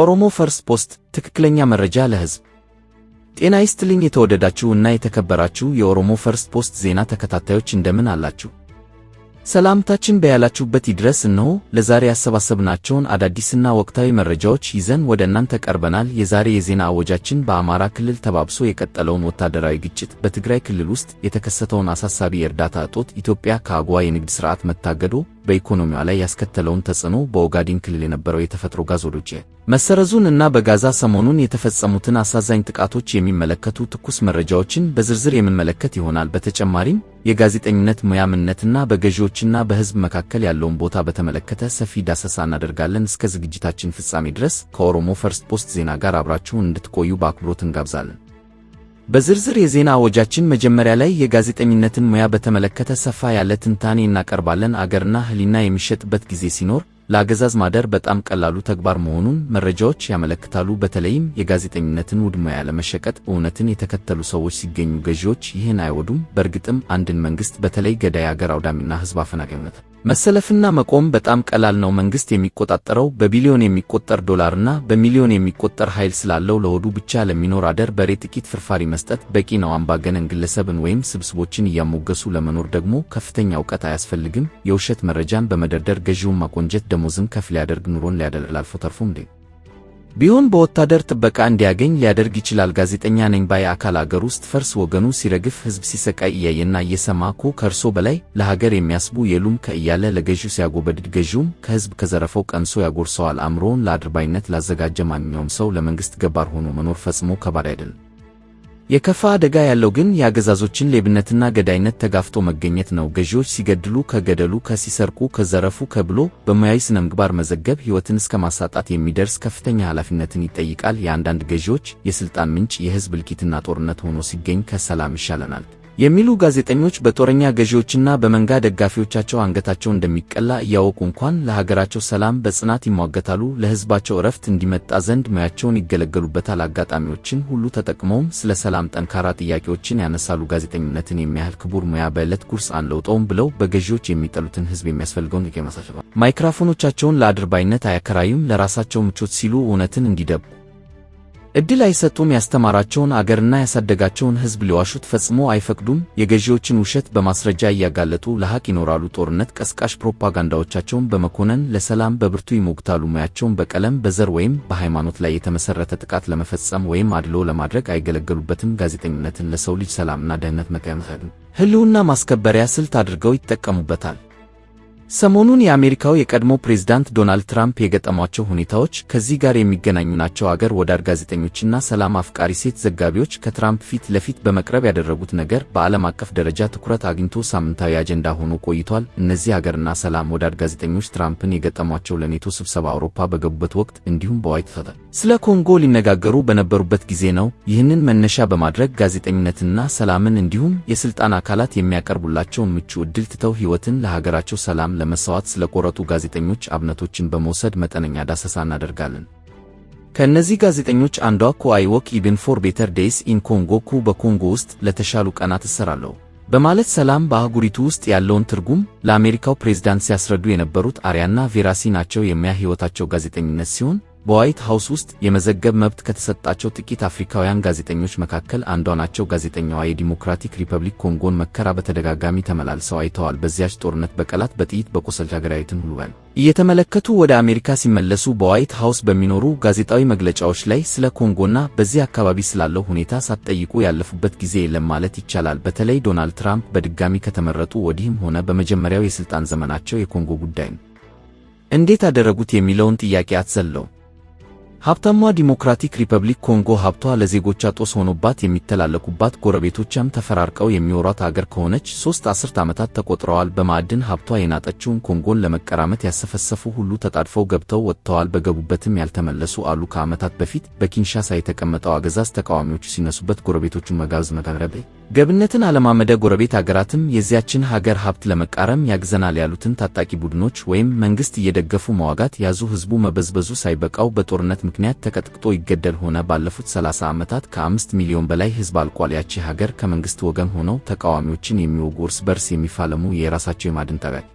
ኦሮሞ ፈርስት ፖስት ትክክለኛ መረጃ ለህዝብ ጤና ይስጥልኝ የተወደዳችሁ እና የተከበራችሁ የኦሮሞ ፈርስት ፖስት ዜና ተከታታዮች እንደምን አላችሁ? ሰላምታችን በያላችሁበት ይድረስ። እነሆ ለዛሬ ያሰባሰብናቸውን አዳዲስና ወቅታዊ መረጃዎች ይዘን ወደ እናንተ ቀርበናል። የዛሬ የዜና አወጃችን በአማራ ክልል ተባብሶ የቀጠለውን ወታደራዊ ግጭት፣ በትግራይ ክልል ውስጥ የተከሰተውን አሳሳቢ የእርዳታ እጦት፣ ኢትዮጵያ ከአጎዋ የንግድ ሥርዓት መታገዶ በኢኮኖሚዋ ላይ ያስከተለውን ተጽዕኖ፣ በኦጋዴን ክልል የነበረው የተፈጥሮ ጋዝ ወዶች መሰረዙን እና በጋዛ ሰሞኑን የተፈጸሙትን አሳዛኝ ጥቃቶች የሚመለከቱ ትኩስ መረጃዎችን በዝርዝር የምንመለከት ይሆናል። በተጨማሪም የጋዜጠኝነት ሙያምነትና በገዢዎችና በሕዝብ መካከል ያለውን ቦታ በተመለከተ ሰፊ ዳሰሳ እናደርጋለን። እስከ ዝግጅታችን ፍጻሜ ድረስ ከኦሮሞ ፈርስት ፖስት ዜና ጋር አብራችሁን እንድትቆዩ በአክብሮት እንጋብዛለን። በዝርዝር የዜና አወጃችን መጀመሪያ ላይ የጋዜጠኝነትን ሙያ በተመለከተ ሰፋ ያለ ትንታኔ እናቀርባለን። አገርና ሕሊና የሚሸጥበት ጊዜ ሲኖር ለአገዛዝ ማደር በጣም ቀላሉ ተግባር መሆኑን መረጃዎች ያመለክታሉ። በተለይም የጋዜጠኝነትን ውድ ለመሸቀጥ እውነትን የተከተሉ ሰዎች ሲገኙ ገዢዎች ይህን አይወዱም። በእርግጥም አንድን መንግስት በተለይ ገዳይ አገር አውዳሚና ህዝብ አፈናቃይነት መሰለፍና መቆም በጣም ቀላል ነው። መንግስት የሚቆጣጠረው በቢሊዮን የሚቆጠር ዶላርና በሚሊዮን የሚቆጠር ኃይል ስላለው ለሆዱ ብቻ ለሚኖር አደር በሬ ጥቂት ፍርፋሪ መስጠት በቂ ነው። አምባገነን ግለሰብን ወይም ስብስቦችን እያሞገሱ ለመኖር ደግሞ ከፍተኛ እውቀት አያስፈልግም። የውሸት መረጃን በመደርደር ገዢውን ማቆንጀት ደሞዝም ከፍ ሊያደርግ ኑሮን ሊያደላል አልፎ ተርፎም ቢሆን በወታደር ጥበቃ እንዲያገኝ ሊያደርግ ይችላል። ጋዜጠኛ ነኝ ባይ አካል አገር ውስጥ ፈርስ ወገኑ ሲረግፍ ህዝብ ሲሰቃይ እያየና እየሰማ እኮ ከእርሶ በላይ ለሀገር የሚያስቡ የሉም ከእያለ ለገዢው ሲያጎበድድ ገዢውም ከህዝብ ከዘረፈው ቀንሶ ያጎርሰዋል። አእምሮውን ለአድርባይነት ላዘጋጀ ማንኛውም ሰው ለመንግሥት ገባር ሆኖ መኖር ፈጽሞ ከባድ አይደለም። የከፋ አደጋ ያለው ግን የአገዛዞችን ሌብነትና ገዳይነት ተጋፍቶ መገኘት ነው። ገዢዎች ሲገድሉ፣ ከገደሉ፣ ከሲሰርቁ፣ ከዘረፉ፣ ከብሎ በሙያዊ ምግባር መዘገብ ሕይወትን እስከ ማሳጣት የሚደርስ ከፍተኛ ኃላፊነትን ይጠይቃል። የአንዳንድ ገዢዎች የሥልጣን ምንጭ የሕዝብ እልቂትና ጦርነት ሆኖ ሲገኝ ከሰላም ይሻለናል። የሚሉ ጋዜጠኞች በጦረኛ ገዢዎችና በመንጋ ደጋፊዎቻቸው አንገታቸው እንደሚቀላ እያወቁ እንኳን ለሀገራቸው ሰላም በጽናት ይሟገታሉ። ለሕዝባቸው እረፍት እንዲመጣ ዘንድ ሙያቸውን ይገለገሉበታል። አጋጣሚዎችን ሁሉ ተጠቅመውም ስለ ሰላም ጠንካራ ጥያቄዎችን ያነሳሉ። ጋዜጠኝነትን የሚያህል ክቡር ሙያ በዕለት ጉርስ አንለውጠውም ብለው በገዢዎች የሚጠሉትን ሕዝብ የሚያስፈልገውን ማይክራፎኖቻቸውን ለአድርባይነት አያከራዩም። ለራሳቸው ምቾት ሲሉ እውነትን እንዲደቡ ዕድል አይሰጡም። ያስተማራቸውን አገርና ያሳደጋቸውን ሕዝብ ሊዋሹት ፈጽሞ አይፈቅዱም። የገዢዎችን ውሸት በማስረጃ እያጋለጡ ለሐቅ ይኖራሉ። ጦርነት ቀስቃሽ ፕሮፓጋንዳዎቻቸውን በመኮነን ለሰላም በብርቱ ይሞግታሉ። ሙያቸውን በቀለም በዘር ወይም በሃይማኖት ላይ የተመሠረተ ጥቃት ለመፈጸም ወይም አድሎ ለማድረግ አይገለገሉበትም። ጋዜጠኝነትን ለሰው ልጅ ሰላምና ደህንነት መቀመጥ ህልውና ማስከበሪያ ስልት አድርገው ይጠቀሙበታል። ሰሞኑን የአሜሪካው የቀድሞ ፕሬዝዳንት ዶናልድ ትራምፕ የገጠሟቸው ሁኔታዎች ከዚህ ጋር የሚገናኙ ናቸው። አገር ወዳድ ጋዜጠኞችና ሰላም አፍቃሪ ሴት ዘጋቢዎች ከትራምፕ ፊት ለፊት በመቅረብ ያደረጉት ነገር በዓለም አቀፍ ደረጃ ትኩረት አግኝቶ ሳምንታዊ አጀንዳ ሆኖ ቆይቷል። እነዚህ አገርና ሰላም ወዳድ ጋዜጠኞች ትራምፕን የገጠሟቸው ለኔቶ ስብሰባ አውሮፓ በገቡበት ወቅት እንዲሁም በዋይት ሀውስ ስለ ኮንጎ ሊነጋገሩ በነበሩበት ጊዜ ነው። ይህንን መነሻ በማድረግ ጋዜጠኝነትና ሰላምን እንዲሁም የስልጣን አካላት የሚያቀርቡላቸውን ምቹ እድል ትተው ህይወትን ለሀገራቸው ሰላም ለመሰዋት ስለቆረጡ ጋዜጠኞች አብነቶችን በመውሰድ መጠነኛ ዳሰሳ እናደርጋለን። ከእነዚህ ጋዜጠኞች አንዷ ኩአይወክ ኢብን ፎር ቤተር ዴይስ ኢን ኮንጎ ኩ በኮንጎ ውስጥ ለተሻሉ ቀናት እሰራለሁ በማለት ሰላም በአህጉሪቱ ውስጥ ያለውን ትርጉም ለአሜሪካው ፕሬዝዳንት ሲያስረዱ የነበሩት አሪያና ቬራሲ ናቸው። የሙያ ሕይወታቸው ጋዜጠኝነት ሲሆን በዋይት ሃውስ ውስጥ የመዘገብ መብት ከተሰጣቸው ጥቂት አፍሪካውያን ጋዜጠኞች መካከል አንዷ ናቸው። ጋዜጠኛዋ የዲሞክራቲክ ሪፐብሊክ ኮንጎን መከራ በተደጋጋሚ ተመላልሰው አይተዋል። በዚያች ጦርነት በቀላት፣ በጥይት፣ በቆሰል ሀገራዊትን ሁሉን እየተመለከቱ ወደ አሜሪካ ሲመለሱ በዋይት ሃውስ በሚኖሩ ጋዜጣዊ መግለጫዎች ላይ ስለ ኮንጎና በዚህ አካባቢ ስላለው ሁኔታ ሳትጠይቁ ያለፉበት ጊዜ የለም ማለት ይቻላል። በተለይ ዶናልድ ትራምፕ በድጋሚ ከተመረጡ ወዲህም ሆነ በመጀመሪያው የሥልጣን ዘመናቸው የኮንጎ ነው እንዴት አደረጉት የሚለውን ጥያቄ አትዘለው። ሀብታሟ ዲሞክራቲክ ሪፐብሊክ ኮንጎ ሀብቷ ለዜጎቿ ጦስ ሆኖባት የሚተላለቁባት ጎረቤቶቿም ተፈራርቀው የሚወሯት አገር ከሆነች ሦስት አስርት ዓመታት ተቆጥረዋል። በማዕድን ሀብቷ የናጠችውን ኮንጎን ለመቀራመት ያሰፈሰፉ ሁሉ ተጣድፈው ገብተው ወጥተዋል። በገቡበትም ያልተመለሱ አሉ። ከዓመታት በፊት በኪንሻሳ የተቀመጠው አገዛዝ ተቃዋሚዎቹ ሲነሱበት ጎረቤቶቹን መጋዝ ። መጋረበ ገብነትን አለማመደ ጎረቤት አገራትም የዚያችን ሀገር ሀብት ለመቃረም ያግዘናል ያሉትን ታጣቂ ቡድኖች ወይም መንግስት እየደገፉ መዋጋት ያዙ። ህዝቡ መበዝበዙ ሳይበቃው በጦርነት ምክንያት ተቀጥቅጦ ይገደል ሆነ። ባለፉት 30 ዓመታት ከአምስት ሚሊዮን በላይ ህዝብ አልቋል። ያቺ ሀገር ከመንግስት ወገን ሆነው ተቃዋሚዎችን የሚወጉ እርስ በርስ የሚፋለሙ የራሳቸው የማድን ታጋይ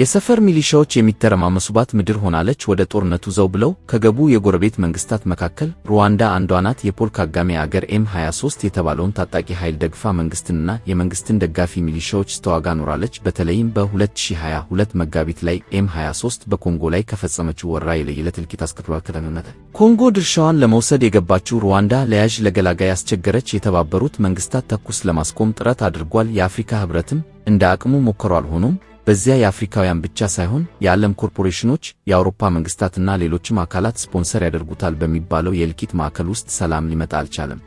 የሰፈር ሚሊሻዎች የሚተረማመሱባት ምድር ሆናለች። ወደ ጦርነቱ ዘው ብለው ከገቡ የጎረቤት መንግስታት መካከል ሩዋንዳ አንዷ ናት። የፖል ካጋሚ አገር ኤም 23 የተባለውን ታጣቂ ኃይል ደግፋ መንግስትንና የመንግስትን ደጋፊ ሚሊሻዎች ስተዋጋ ኖራለች። በተለይም በ2022 መጋቢት ላይ ኤም 23 በኮንጎ ላይ ከፈጸመችው ወረራ የለየለት እልቂት አስከትሏል። ከተመነት ኮንጎ ድርሻዋን ለመውሰድ የገባችው ሩዋንዳ ለያዥ ለገላጋይ አስቸገረች። የተባበሩት መንግስታት ተኩስ ለማስቆም ጥረት አድርጓል። የአፍሪካ ህብረትም እንደ አቅሙ ሞከሯል። ሆኖም በዚያ የአፍሪካውያን ብቻ ሳይሆን የዓለም ኮርፖሬሽኖች፣ የአውሮፓ መንግሥታትና ሌሎችም አካላት ስፖንሰር ያደርጉታል በሚባለው የእልቂት ማዕከል ውስጥ ሰላም ሊመጣ አልቻለም።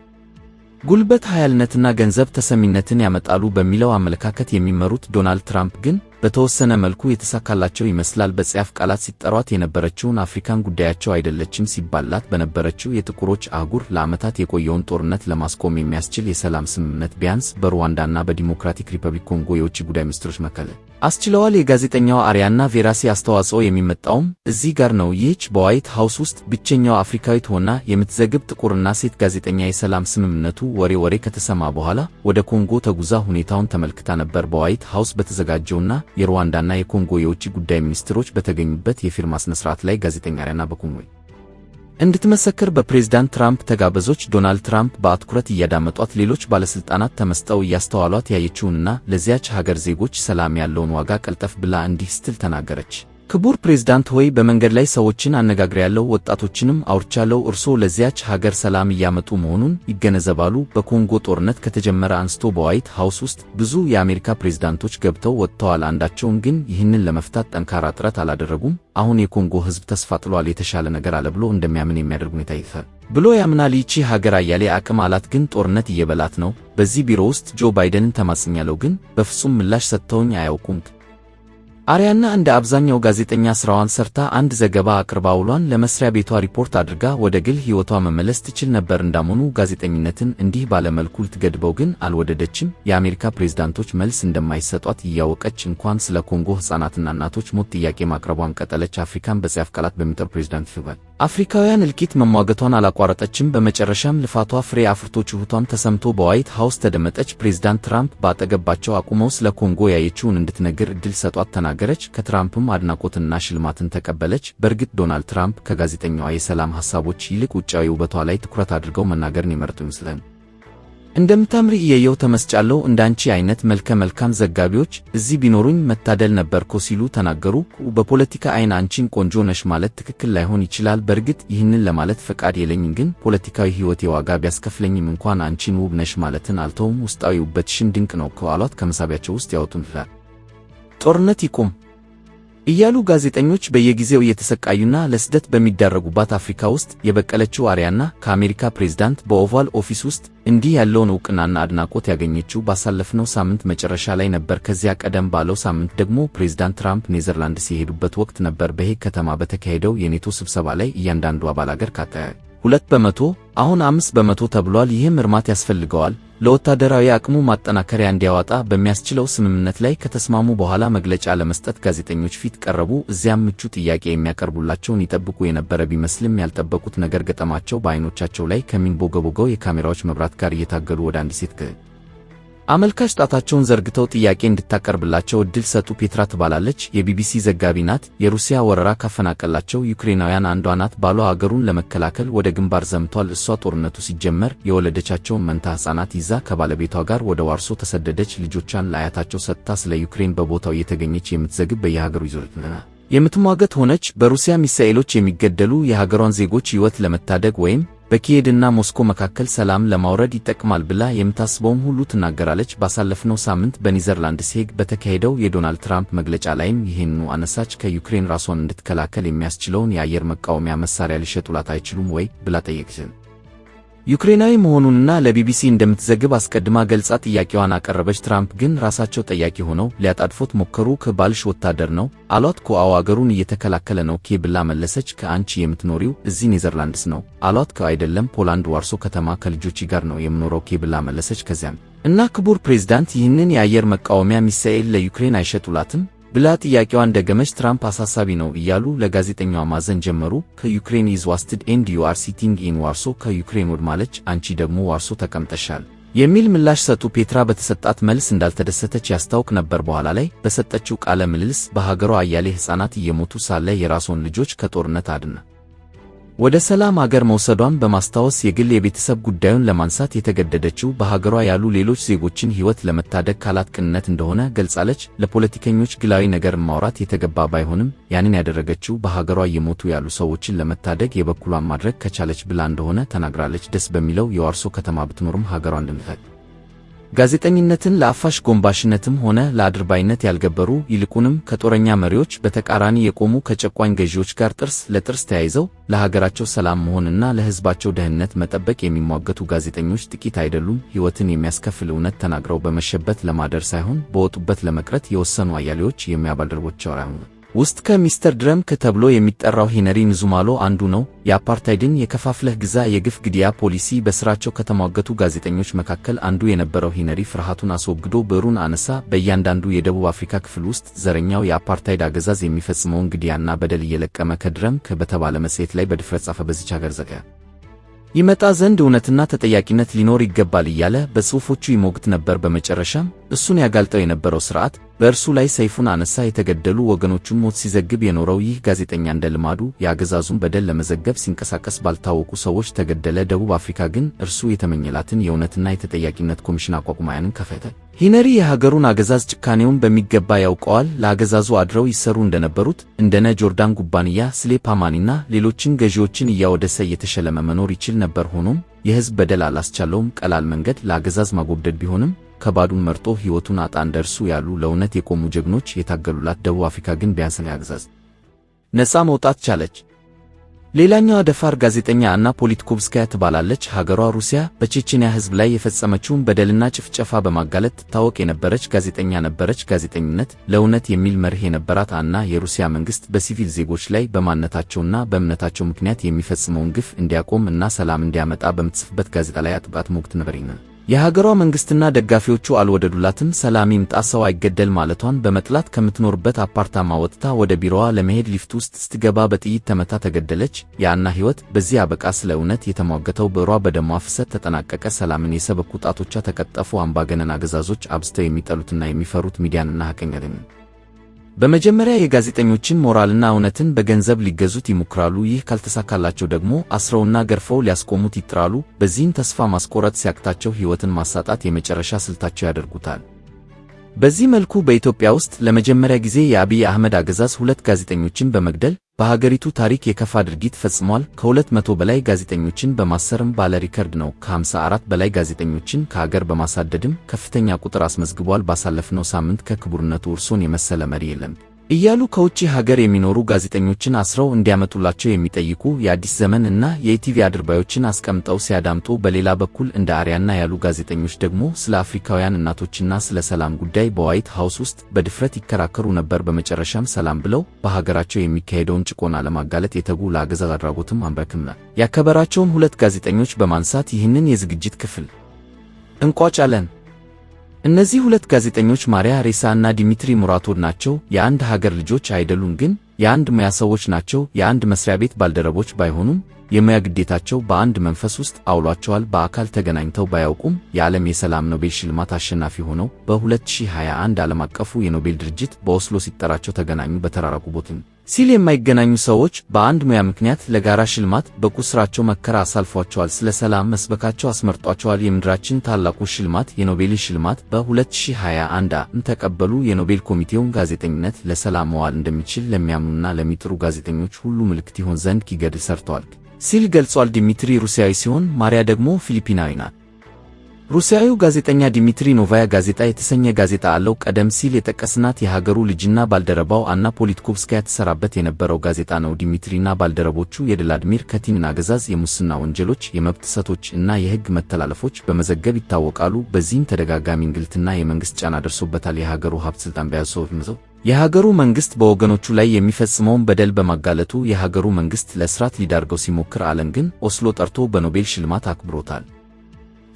ጉልበት፣ ኃያልነትና ገንዘብ ተሰሚነትን ያመጣሉ በሚለው አመለካከት የሚመሩት ዶናልድ ትራምፕ ግን በተወሰነ መልኩ የተሳካላቸው ይመስላል። በጸያፍ ቃላት ሲጠሯት የነበረችውን አፍሪካን ጉዳያቸው አይደለችም ሲባላት በነበረችው የጥቁሮች አህጉር ለዓመታት የቆየውን ጦርነት ለማስቆም የሚያስችል የሰላም ስምምነት ቢያንስ በሩዋንዳና በዲሞክራቲክ ሪፐብሊክ ኮንጎ የውጭ ጉዳይ ሚኒስትሮች መከለ አስችለዋል። የጋዜጠኛው አሪያና ቬራሲ አስተዋጽኦ የሚመጣውም እዚህ ጋር ነው። ይህች በዋይት ሃውስ ውስጥ ብቸኛው አፍሪካዊት ሆና የምትዘግብ ጥቁርና ሴት ጋዜጠኛ የሰላም ስምምነቱ ወሬ ወሬ ከተሰማ በኋላ ወደ ኮንጎ ተጉዛ ሁኔታውን ተመልክታ ነበር። በዋይት ሃውስ በተዘጋጀውና የሩዋንዳና የኮንጎ የውጭ ጉዳይ ሚኒስትሮች በተገኙበት የፊርማ ስነስርዓት ላይ ጋዜጠኛ ሪያና በኩንዌ እንድትመሰክር በፕሬዝዳንት ትራምፕ ተጋበዞች። ዶናልድ ትራምፕ በአትኩረት እያዳመጧት፣ ሌሎች ባለስልጣናት ተመስጠው እያስተዋሏት ያየችውንና ለዚያች ሀገር ዜጎች ሰላም ያለውን ዋጋ ቀልጠፍ ብላ እንዲህ ስትል ተናገረች። ክቡር ፕሬዝዳንት ሆይ በመንገድ ላይ ሰዎችን አነጋግሬያለሁ፣ ወጣቶችንም አውርቻለሁ። እርሶ ለዚያች ሀገር ሰላም እያመጡ መሆኑን ይገነዘባሉ። በኮንጎ ጦርነት ከተጀመረ አንስቶ በዋይት ሃውስ ውስጥ ብዙ የአሜሪካ ፕሬዝዳንቶች ገብተው ወጥተዋል። አንዳቸውም ግን ይህንን ለመፍታት ጠንካራ ጥረት አላደረጉም። አሁን የኮንጎ ህዝብ ተስፋ ጥሏል፣ የተሻለ ነገር አለ ብሎ እንደሚያምን የሚያደርግ ሁኔታ ይፈል ብሎ ያምናል። ይቺ ሀገር አያሌ አቅም አላት፣ ግን ጦርነት እየበላት ነው። በዚህ ቢሮ ውስጥ ጆ ባይደንን ተማጽኛለሁ፣ ግን በፍጹም ምላሽ ሰጥተውኝ አያውቁም። አሪያና እንደ አብዛኛው ጋዜጠኛ ስራዋን ሰርታ አንድ ዘገባ አቅርባ ውሏን ለመስሪያ ቤቷ ሪፖርት አድርጋ ወደ ግል ሕይወቷ መመለስ ትችል ነበር። እንዳመኑ ጋዜጠኝነትን እንዲህ ባለመልኩ ልትገድበው ግን አልወደደችም። የአሜሪካ ፕሬዝዳንቶች መልስ እንደማይሰጧት እያወቀች እንኳን ስለ ኮንጎ ሕፃናትና እናቶች ሞት ጥያቄ ማቅረቧን ቀጠለች። አፍሪካን በጽያፍ ቃላት በሚጠሩ ፕሬዝዳንት ፊበል አፍሪካውያን እልቂት መሟገቷን አላቋረጠችም። በመጨረሻም ልፋቷ ፍሬ አፍርቶ ጩኸቷም ተሰምቶ በዋይት ሀውስ ተደመጠች። ፕሬዝዳንት ትራምፕ ባጠገባቸው አቁመው ስለ ኮንጎ ያየችውን እንድትነግር እድል ሰጧት ተናገ ተናገረች። ከትራምፕም አድናቆትና ሽልማትን ተቀበለች። በእርግጥ ዶናልድ ትራምፕ ከጋዜጠኛዋ የሰላም ሐሳቦች ይልቅ ውጫዊ ውበቷ ላይ ትኩረት አድርገው መናገርን ይመርጡ ይመስላል። እንደምታምሪ እየየው ተመስጫለው፣ እንዳንቺ አይነት መልከ መልካም ዘጋቢዎች እዚህ ቢኖሩኝ መታደል ነበርኮ ሲሉ ተናገሩ። በፖለቲካ አይን አንቺን ቆንጆ ነሽ ማለት ትክክል ላይሆን ይችላል። በእርግጥ ይህንን ለማለት ፈቃድ የለኝም፣ ግን ፖለቲካዊ ህይወት የዋጋ ቢያስከፍለኝም እንኳን አንቺን ውብ ነሽ ማለትን አልተውም። ውስጣዊ ውበትሽን ድንቅ ነው እኮ አሏት። ከመሳቢያቸው ውስጥ ያወጡን ፍላል ጦርነት ይቁም እያሉ ጋዜጠኞች በየጊዜው እየተሰቃዩና ለስደት በሚዳረጉባት አፍሪካ ውስጥ የበቀለችው አርያና ከአሜሪካ ፕሬዝዳንት በኦቫል ኦፊስ ውስጥ እንዲህ ያለውን እውቅናና አድናቆት ያገኘችው ባሳለፍነው ሳምንት መጨረሻ ላይ ነበር። ከዚያ ቀደም ባለው ሳምንት ደግሞ ፕሬዝዳንት ትራምፕ ኔዘርላንድስ የሄዱበት ወቅት ነበር። በሄግ ከተማ በተካሄደው የኔቶ ስብሰባ ላይ እያንዳንዱ አባል አገር ካቀ ሁለት በመቶ አሁን አምስት በመቶ ተብሏል። ይህም እርማት ያስፈልገዋል ለወታደራዊ አቅሙ ማጠናከሪያ እንዲያወጣ በሚያስችለው ስምምነት ላይ ከተስማሙ በኋላ መግለጫ ለመስጠት ጋዜጠኞች ፊት ቀረቡ። እዚያም ምቹ ጥያቄ የሚያቀርቡላቸውን ይጠብቁ የነበረ ቢመስልም ያልጠበቁት ነገር ገጠማቸው። በአይኖቻቸው ላይ ከሚንቦገቦገው የካሜራዎች መብራት ጋር እየታገሉ ወደ አንድ ሴት አመልካች ጣታቸውን ዘርግተው ጥያቄ እንድታቀርብላቸው እድል ሰጡ። ፔትራ ትባላለች፣ የቢቢሲ ዘጋቢ ናት። የሩሲያ ወረራ ካፈናቀላቸው ዩክሬናውያን አንዷ ናት። ባሏ አገሩን ለመከላከል ወደ ግንባር ዘምቷል። እሷ ጦርነቱ ሲጀመር የወለደቻቸውን መንታ ሕፃናት ይዛ ከባለቤቷ ጋር ወደ ዋርሶ ተሰደደች። ልጆቿን ለአያታቸው ሰጥታ ስለ ዩክሬን በቦታው እየተገኘች የምትዘግብ በየሀገሩ ይዞርትና የምትሟገት ሆነች። በሩሲያ ሚሳኤሎች የሚገደሉ የሀገሯን ዜጎች ሕይወት ለመታደግ ወይም በኪየቭና ሞስኮ መካከል ሰላም ለማውረድ ይጠቅማል ብላ የምታስበውም ሁሉ ትናገራለች። ባሳለፍነው ሳምንት በኒዘርላንድስ ሄግ በተካሄደው የዶናልድ ትራምፕ መግለጫ ላይም ይህንኑ አነሳች። ከዩክሬን ራሷን እንድትከላከል የሚያስችለውን የአየር መቃወሚያ መሳሪያ ሊሸጡላት አይችሉም ወይ ብላ ጠየቅችን። ዩክሬናዊ መሆኑንና ለቢቢሲ እንደምትዘግብ አስቀድማ ገልጻ ጥያቄዋን አቀረበች። ትራምፕ ግን ራሳቸው ጠያቂ ሆነው ሊያጣድፎት ሞከሩ። ከባልሽ ወታደር ነው አሏት። ከአው አገሩን እየተከላከለ ነው ኬ ብላ መለሰች። ከአንቺ የምትኖሪው እዚህ ኔዘርላንድስ ነው አሏት። ከአይደለም ፖላንድ ዋርሶ ከተማ ከልጆች ጋር ነው የምኖረው ኬ ብላ መለሰች። ከዚያም እና ክቡር ፕሬዝዳንት ይህንን የአየር መቃወሚያ ሚሳኤል ለዩክሬን አይሸጡላትም ብላ ጥያቄዋን ደገመች። ትራምፕ አሳሳቢ ነው እያሉ ለጋዜጠኛዋ ማዘን ጀመሩ። ከዩክሬን ኢዝ ዋስትድ ኤንድ ዩ አር ሲቲንግ ኢን ዋርሶ ከዩክሬን ወድ ማለች፣ አንቺ ደግሞ ዋርሶ ተቀምጠሻል የሚል ምላሽ ሰጡ። ፔትራ በተሰጣት መልስ እንዳልተደሰተች ያስታውቅ ነበር። በኋላ ላይ በሰጠችው ቃለ ምልልስ በሀገሯ አያሌ ሕፃናት እየሞቱ ሳለ የራስዎን ልጆች ከጦርነት አድነ ወደ ሰላም አገር መውሰዷን በማስታወስ የግል የቤተሰብ ጉዳዩን ለማንሳት የተገደደችው በሀገሯ ያሉ ሌሎች ዜጎችን ሕይወት ለመታደግ ካላት ቅንነት እንደሆነ ገልጻለች። ለፖለቲከኞች ግላዊ ነገር ማውራት የተገባ ባይሆንም ያንን ያደረገችው በሀገሯ እየሞቱ ያሉ ሰዎችን ለመታደግ የበኩሏን ማድረግ ከቻለች ብላ እንደሆነ ተናግራለች። ደስ በሚለው የዋርሶ ከተማ ብትኖርም ሀገሯን ልምታል ጋዜጠኝነትን ለአፋሽ ጎንባሽነትም ሆነ ለአድርባይነት ያልገበሩ ይልቁንም ከጦረኛ መሪዎች በተቃራኒ የቆሙ ከጨቋኝ ገዢዎች ጋር ጥርስ ለጥርስ ተያይዘው ለሀገራቸው ሰላም መሆንና ለሕዝባቸው ደህንነት መጠበቅ የሚሟገቱ ጋዜጠኞች ጥቂት አይደሉም። ሕይወትን የሚያስከፍል እውነት ተናግረው በመሸበት ለማደር ሳይሆን በወጡበት ለመቅረት የወሰኑ አያሌዎች የሚያባልደርቦቻቸው ውስጥ ከሚስተር ድረምክ ተብሎ የሚጠራው ሄነሪ ንዙማሎ አንዱ ነው። የአፓርታይድን የከፋፍለህ ግዛ የግፍ ግድያ ፖሊሲ በስራቸው ከተሟገቱ ጋዜጠኞች መካከል አንዱ የነበረው ሄነሪ ፍርሃቱን አስወግዶ በሩን አነሳ። በእያንዳንዱ የደቡብ አፍሪካ ክፍል ውስጥ ዘረኛው የአፓርታይድ አገዛዝ የሚፈጽመውን ግድያና በደል እየለቀመ ከድረምክ በተባለ መጽሔት ላይ በድፍረት ጻፈ። በዚች ሀገር ዘገ ይመጣ ዘንድ እውነትና ተጠያቂነት ሊኖር ይገባል እያለ በጽሑፎቹ ይሞግት ነበር። በመጨረሻም እሱን ያጋልጠው የነበረው ሥርዓት በእርሱ ላይ ሰይፉን አነሳ። የተገደሉ ወገኖቹን ሞት ሲዘግብ የኖረው ይህ ጋዜጠኛ እንደ ልማዱ የአገዛዙን በደል ለመዘገብ ሲንቀሳቀስ ባልታወቁ ሰዎች ተገደለ። ደቡብ አፍሪካ ግን እርሱ የተመኘላትን የእውነትና የተጠያቂነት ኮሚሽን አቋቁማያንን ከፈተ። ሂነሪ የሀገሩን አገዛዝ ጭካኔውን በሚገባ ያውቀዋል። ለአገዛዙ አድረው ይሰሩ እንደነበሩት እንደነ ጆርዳን ኩባንያ፣ ስሌፓማኒና ሌሎችን ገዢዎችን እያወደሰ እየተሸለመ መኖር ይችል ነበር። ሆኖም የህዝብ በደል አላስቻለውም። ቀላል መንገድ ለአገዛዝ ማጎብደድ ቢሆንም ከባዱን መርጦ ሕይወቱን አጣ። እንደርሱ ያሉ ለእውነት የቆሙ ጀግኖች የታገሉላት ደቡብ አፍሪካ ግን ቢያንስን አገዛዝ ነፃ መውጣት ቻለች። ሌላኛዋ ደፋር ጋዜጠኛ አና ፖሊትኮቭስካያ ትባላለች። ሀገሯ ሩሲያ በቼቼንያ ሕዝብ ላይ የፈጸመችውን በደልና ጭፍጨፋ በማጋለጥ ትታወቅ የነበረች ጋዜጠኛ ነበረች። ጋዜጠኝነት ለእውነት የሚል መርህ የነበራት አና የሩሲያ መንግሥት በሲቪል ዜጎች ላይ በማንነታቸውና በእምነታቸው ምክንያት የሚፈጽመውን ግፍ እንዲያቆም እና ሰላም እንዲያመጣ በምትጽፍበት ጋዜጣ ላይ አጥብቃ ትሞግት ነበር። የሀገሯ መንግስትና ደጋፊዎቹ አልወደዱላትም። ሰላም ይምጣ ሰው አይገደል ማለቷን በመጥላት ከምትኖርበት አፓርታማ ወጥታ ወደ ቢሮዋ ለመሄድ ሊፍት ውስጥ ስትገባ በጥይት ተመታ፣ ተገደለች። የአና ህይወት በዚህ አበቃ። ስለ እውነት የተሟገተው ብዕሯ በደሟ ፍሰት ተጠናቀቀ። ሰላምን የሰበኩ ጣቶቿ ተቀጠፉ። አምባገነን አገዛዞች አብዝተው የሚጠሉትና የሚፈሩት ሚዲያንና ሀቀኛንን በመጀመሪያ የጋዜጠኞችን ሞራልና እውነትን በገንዘብ ሊገዙት ይሞክራሉ። ይህ ካልተሳካላቸው ደግሞ አስረውና ገርፈው ሊያስቆሙት ይጥራሉ። በዚህም ተስፋ ማስቆረጥ ሲያቅታቸው ሕይወትን ማሳጣት የመጨረሻ ስልታቸው ያደርጉታል። በዚህ መልኩ በኢትዮጵያ ውስጥ ለመጀመሪያ ጊዜ የአብይ አህመድ አገዛዝ ሁለት ጋዜጠኞችን በመግደል በሀገሪቱ ታሪክ የከፋ ድርጊት ፈጽሟል። ከሁለት መቶ በላይ ጋዜጠኞችን በማሰርም ባለ ሪከርድ ነው። ከ54 በላይ ጋዜጠኞችን ከሀገር በማሳደድም ከፍተኛ ቁጥር አስመዝግቧል። ባሳለፍነው ሳምንት ከክቡርነቱ እርሶን የመሰለ መሪ የለም። እያሉ ከውጭ ሀገር የሚኖሩ ጋዜጠኞችን አስረው እንዲያመጡላቸው የሚጠይቁ የአዲስ ዘመን እና የኢቲቪ አድርባዮችን አስቀምጠው ሲያዳምጡ፣ በሌላ በኩል እንደ አርያና ያሉ ጋዜጠኞች ደግሞ ስለ አፍሪካውያን እናቶችና ስለ ሰላም ጉዳይ በዋይት ሃውስ ውስጥ በድፍረት ይከራከሩ ነበር። በመጨረሻም ሰላም ብለው በሀገራቸው የሚካሄደውን ጭቆና ለማጋለጥ የተጉ ለአገዛዝ አድራጎትም አንበርክከዋል። ያከበራቸውን ሁለት ጋዜጠኞች በማንሳት ይህንን የዝግጅት ክፍል እንቋጫለን። እነዚህ ሁለት ጋዜጠኞች ማሪያ ሬሳ እና ዲሚትሪ ሙራቶቭ ናቸው። የአንድ ሀገር ልጆች አይደሉም፣ ግን የአንድ ሙያ ሰዎች ናቸው። የአንድ መስሪያ ቤት ባልደረቦች ባይሆኑም የሙያ ግዴታቸው በአንድ መንፈስ ውስጥ አውሏቸዋል። በአካል ተገናኝተው ባያውቁም የዓለም የሰላም ኖቤል ሽልማት አሸናፊ ሆነው በ2021 ዓለም አቀፉ የኖቤል ድርጅት በኦስሎ ሲጠራቸው ተገናኙ በተራራቁ ቦትን ሲል የማይገናኙ ሰዎች በአንድ ሙያ ምክንያት ለጋራ ሽልማት በቁ ስራቸው መከራ አሳልፏቸዋል፣ ስለ ሰላም መስበካቸው አስመርጧቸዋል። የምድራችን ታላቁ ሽልማት የኖቤል ሽልማት በ2021 ዓ.ም ተቀበሉ። የኖቤል ኮሚቴውን ጋዜጠኝነት ለሰላም መዋል እንደሚችል ለሚያምኑና ለሚጥሩ ጋዜጠኞች ሁሉ ምልክት ይሆን ዘንድ ኪገድል ሰርተዋል ሲል ገልጿል። ዲሚትሪ ሩሲያዊ ሲሆን ማሪያ ደግሞ ፊሊፒናዊ ናት። ሩሲያዊው ጋዜጠኛ ዲሚትሪ ኖቫያ ጋዜጣ የተሰኘ ጋዜጣ አለው። ቀደም ሲል የጠቀስናት የሀገሩ ልጅና ባልደረባው አና ፖሊትኮቭስካያ ትሰራበት የነበረው ጋዜጣ ነው። ዲሚትሪና ባልደረቦቹ የቭላድሚር ከቲንን አገዛዝ የሙስና ወንጀሎች፣ የመብት ጥሰቶች እና የህግ መተላለፎች በመዘገብ ይታወቃሉ። በዚህም ተደጋጋሚ እንግልትና የመንግስት ጫና ደርሶበታል። የሀገሩ ሀብት ስልጣን በያዙ ሰዎች የሀገሩ መንግሥት በወገኖቹ ላይ የሚፈጽመውን በደል በማጋለጡ የሀገሩ መንግሥት ለእስራት ሊዳርገው ሲሞክር አለም ግን ኦስሎ ጠርቶ በኖቤል ሽልማት አክብሮታል።